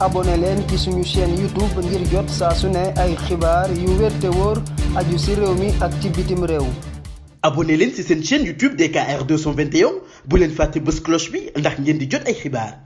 abonné leen ci suñu chaîne YouTube ngir jot saa su ne ay xibaar yu wér te wóor aju si réew mi ak ci bitim réew. abonné leen ci seen chaîne YouTube DKR 221 bu leen fàtte bës cloche bi ndax ngeen di jot ay xibaar.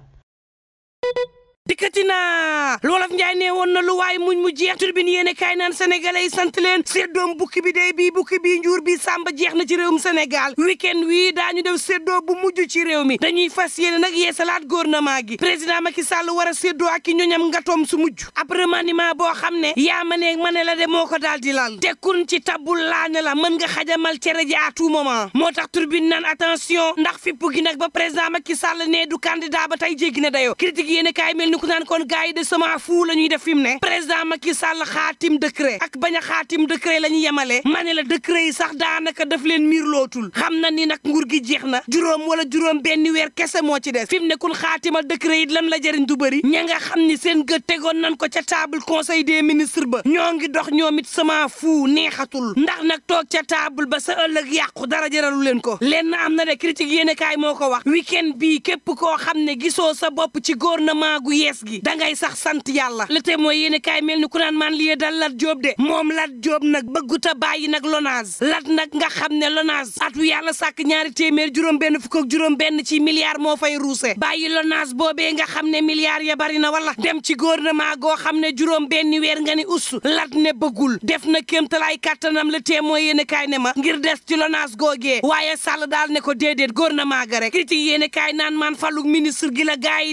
dikkati naa loolof njaay nee woon na lu waaye muñ mu jeex turbine yéene kaay naan sénégalais yi sant leen séddoom bukki bi day bii bukki bi njuur bi sàmba jeex na ci réewum sénégal week-end wii daañu def séddoo bu mujj ci réew mi dañuy fas yéene nag yeesalaat gouvernement gi président Macky Sall war a séddoo ak ki ñoñam ngatoom su mujj ab remaniement boo xam ne yaa ma ne ma ne la de moo ko daal di lal tekkun ci tabul laaña la mën nga xajamal cere ji à tout moment moo tax turbine naan attention ndax fippu nag ba président Macky Sall ne du candidat ba tey jéggi na dayoo critique yéene kaay mel ni ku naan kon gars yi de sama fou la ñuy def mu ne président Macky Sall xaatim décret ak bañ a xaatim décret la ñu yemale ma la décret yi sax daanaka daf leen miir lootul xam na ni nag nguur gi jeex na juróom wala juróom benn weer kese moo ci des fi mu ne kun xaatimal décret yi lan la jariñ du bëri ña nga xam ni seen gë tegoon nañ ko ca table conseil des ministres ba ñoo ngi dox ñoom it sama fou neexatul ndax nag toog ca table ba sa ëllëg yàqu dara jëralu leen ko lenn am na de critique yéen kaay moo ko wax week-end bii képp koo xam ne gisoo sa bopp ci gouvernement gu yees gi da ngay sax sant yàlla le te mooy yéen kaay mel ni ku naan maan lii dal Lat Diop de moom Lat Diop nag bëgguta bàyyi nag LONASE lat nag nga xam ne LONASE at yàlla sàkk ñaari téeméer juróom benn fukk juróom benn ci milliard moo fay ruuse bàyyi LONASE boobee nga xam ne milliards ya bari na wala dem ci gouvernement goo xam ne juróom benn weer nga ni us lat ne bëggul def na kéemtalaay kattanam le te mooy yéen kaay ne ma ngir des ci LONASE googee waaye Sall daal ne ko déedéet gouvernement ga rek critique yéen kaay naan maan faluk gi la gaay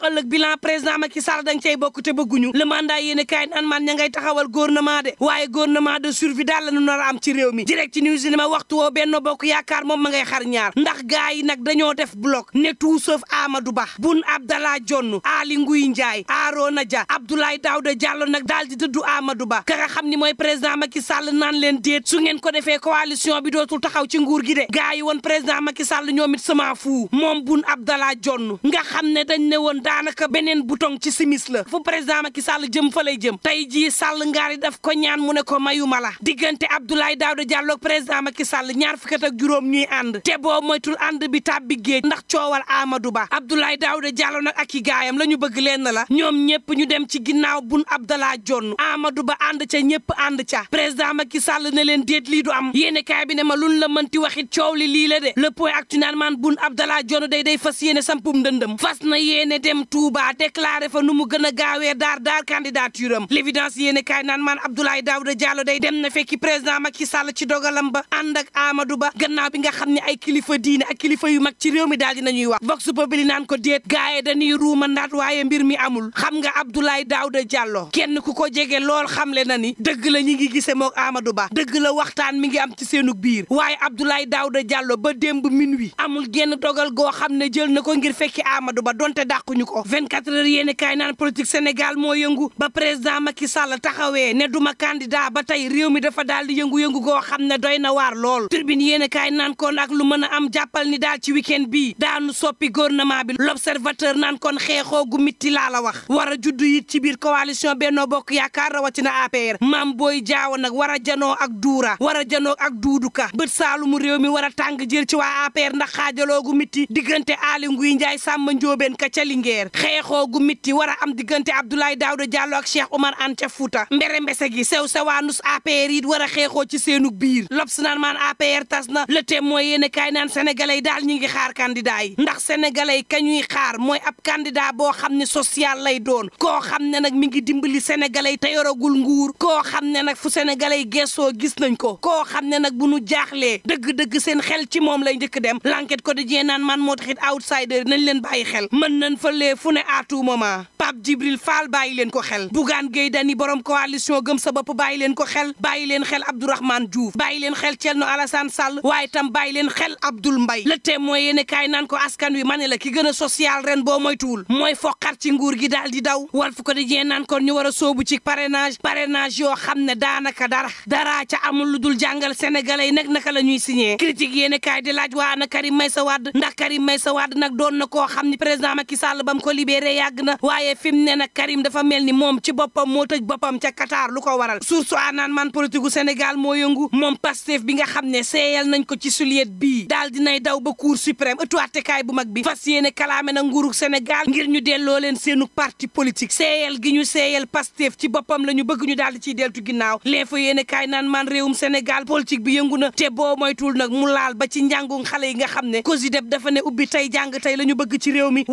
ndax ëllëg bilan président Macky Sall dañ cay bokk te bëgguñu le mandat yéen a kaay naan man ña ngay taxawal gouvernement de waaye gouvernement de survie daal na ñu nar a am ci réew mi direct ci news ma waxtu woo benn bokk yaakaar moom ma ngay xar ñaar ndax gars nag dañoo def bloc ne tout sauf Amadou Ba Boun Abdallah Dionne Ali Nguy Ndiaye Arona Dia Abdoulaye Daouda Diallo nag daal di dëddu Amadou Ba ka xam ni mooy président Macky Sall naan leen déet su ngeen ko defee coalition bi dootul taxaw ci nguur gi de gars yi Sall ñoom it sama fuu moom Boun Abdallah Dionne nga xam ne dañ ne woon daanaka beneen bouton ci simis la fu président Macky Sall jëm fa lay jëm tey jii Sall ngaari daf ko ñaan mu ne ko mayu mala la diggante Abdoulaye Daouda Diallo ak président Macky Sall ñaar fukki ak juróom ñuy ànd te boo moytul ànd bi tàbbi géej ndax coowal Amadou Ba Abdoulaye Daouda Diallo nag ak i gaayam la ñu bëgg leen la ñoom ñëpp ñu dem ci ginnaaw bun Abdallah Jonn Amadou Ba ànd ca ñëpp ànd ca président Macky Sall ne leen déet lii du am yéene kaay bi ne ma luñ la mënti waxit coow li lii la de le point actuellement bun Abdallah Jonn day day fas yéene sampum ndëndëm fas na yéene dem Touba déclaré fa nu mu gën a gaawee daar daar candidature am l'évidence yéene kaay naan maan Abdoulaye Daouda Diallo day dem na fekki président Macky Sall ci dogalam ba ànd ak Amadou Ba gannaaw bi nga xam ni ay kilifa diine ak kilifa yu mag ci réew mi daal di nañuy wax vox populi naan ko déet gaaye dañuy ruuma ndaat waaye mbir mi amul xam nga Abdoulaye Daouda Diallo kenn ku ko jege lool xamle na ni dëgg la ñi ngi gisee mook Amadou Ba dëgg la waxtaan mi ngi am ci seenu biir waaye Abdoulaye Daouda Diallo ba démb minuit amul genn dogal goo xam ne jël na ko ngir fekki Amadou Ba donte dàquñu ko 24 heures yéeni kaay naan politique Sénégal moo yëngu ba président Macky Sall taxawee ne duma candidat ba tey réew mi dafa daal di yëngu-yëngu goo xam ne doy na waar lool tribune yéen i kaay naan kon ak lu mën a am jàppal ni daal ci week-end bii daanu soppi gouvernement bi l'observateur naan kon xeexoo gu mitti laa la wax war juddu it ci biir coalition Benno Bokk Yaakaar rawatina APR maam booy jaaw nag war a janoo ak duura wara a janoo ak duuduka bët saalumu réew mi war a tàng jël ci waa APR ndax xaajaloo mitti diggante Aly Ngouille Ndiaye Samba Ndiobène ka ca Linguère APR xeexoo gu mitti war a am diggante Abdoulaye Daouda Diallo ak Cheikh Oumar Anne ca Fouta mbere mbese gi sew sewaanus APR it war a xeexoo ci seenu biir L'Obs naan maan APR tas na Le Témoin yéen a kaay naan sénégalais yi daal ñi ngi xaar candidat yi ndax sénégalais yi kañuy xaar mooy ab candidat boo xam ne social lay doon ko xam ne nag mi ngi dimbali sénégalais yi te yoragul nguur koo xam ne nag fu sénégalais yi gessoo gis nañ ko koo xam ne nag bu nu jaaxlee dëgg-dëgg seen xel ci moom lay njëkk dem l'enquête quotidien naan man moo taxit outsider nañ leen bàyyi xel mën nañ fa jógee fu ne à tout moment Pape Djibril Fall bàyyi ko xel Bougane Gueye Dany borom coalition gëm sa bopp bàyyi leen ko xel bàyyi leen xel Abdourahmane Diouf bàyyi leen xel Thierno Alassane Sall waaye tam bàyyi leen xel Abdoul Mbaye le témoin yéene kaay naan ko askan wi ma ne la ki gën a social ren boo moytuwul mooy foqar ci nguur gi daal di daw wal fu ko di jee naan kon ñu war a soobu ci parrainage parrainage yoo xam ne daanaka dara dara ca amul lu dul jàngal sénégalais yi nag naka la ñuy signé critique yéene kaay di laaj waa ana Karim Meïssa Wade ndax Karim Meïssa Wade na koo xam ni président Macky Sall bam ko libéré yàgg na waaye fim mu ne nag Karim dafa mel ni moom ci boppam moo tëj boppam ca Qatar lu ko waral source naan man politique gu Sénégal moo yëngu moom Pastef bi nga xam ne seeyal nañ ko ci suliet bii daal nay daw ba cour suprême ëttu àttekaay bu mag bi fas yéene kalaame na nguurug Sénégal ngir ñu delloo leen seenu parti politique seeyal gi ñu seeyal Pastef ci boppam la ñu bëgg ñu daal di ciy deltu ginnaaw lee fa yéene kaay naan man réewum Sénégal politique bi yëngu na te boo moytul nag mu laal ba ci njàngu xale yi nga xam ne COSYDEP dafa ne ubbi tey jàng la ñu bëgg ci réew mi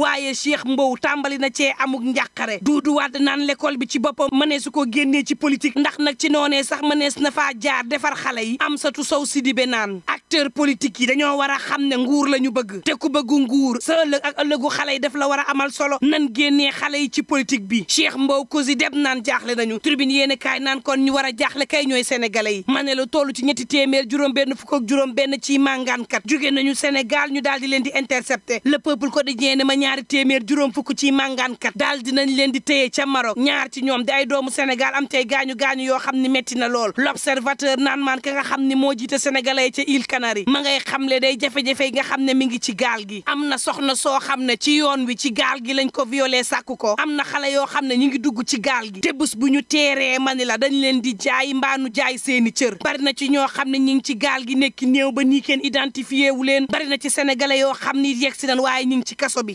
mbow tàmbali na cee amuk njàqare du wàdd naan l'école bi ci boppam mëneesu ko génnee ci politique ndax nag ci noonee sax mënees na faa jaar defar xale yi am satu sow sidibe naan acteur politique yi dañoo war a xam ne nguur la ñu bëgg te ku bëggu nguur sa ëllëg ak ëllëgu xale yi daf la war a amal solo nan génnee xale yi ci politique bi Cheikh Mbow kosi dem naan jaaxle nañu tribune yéen kaay naan kon ñu war a jaaxle kay ñooy sénégalais yi ma ne la toll ci ñetti téeméer juróom benn fukk ak benn ci màngaankat jóge nañu Sénégal ñu daal di leen di intercepté le peuple quotidien ne ma ñaari téeméer juróom fukk ci màngaankat daal dinañ leen di téye ca Maroc ñaar ci ñoom di ay doomu Sénégal am tey gaañu gaañu yoo xam ni metti na lool l'observateur naan maan ka nga xam ni moo jiite sénégalais ca île Canaries ma ngay xamle day jafe-jafe nga xam ne mi ngi ci gaal gi am na soxna soo xam ne ci yoon wi ci gaal gi lañ ko violé sàkku ko am na xale yoo xam ne ñu ngi dugg ci gaal gi te bés bu ñu teeree ma ni la dañ leen di jaay mbaanu jaay seeni cër bari na ci ñoo xam ne ñi ngi ci gaal gi nekk néew ba nii kenn identifié wu leen bari na ci sénégalais yoo xam ni yegg si waaye ñi ci kaso bi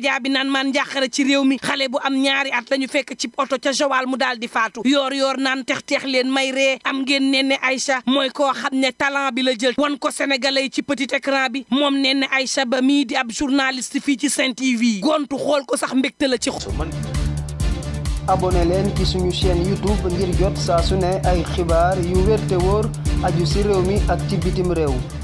média bi naan man njàqare ci réew mi xale bu am ñaari at la ñu fekk ci oto ca Joal mu daal di faatu yoor yoor naan teex tex leen may ree am ngeen Néné Aïcha mooy koo xam ne talent bi la jël wan ko senegale yi ci petit écran bi moom Néné Aïcha ba mii di ab journaliste fii ci Sen TV gontu xool ko sax mbégte la ci abonné leen ci suñu chaîne youtube ngir jot saa su ne ay xibaar yu wér te wóor aju ci réew mi ak ci bitim réew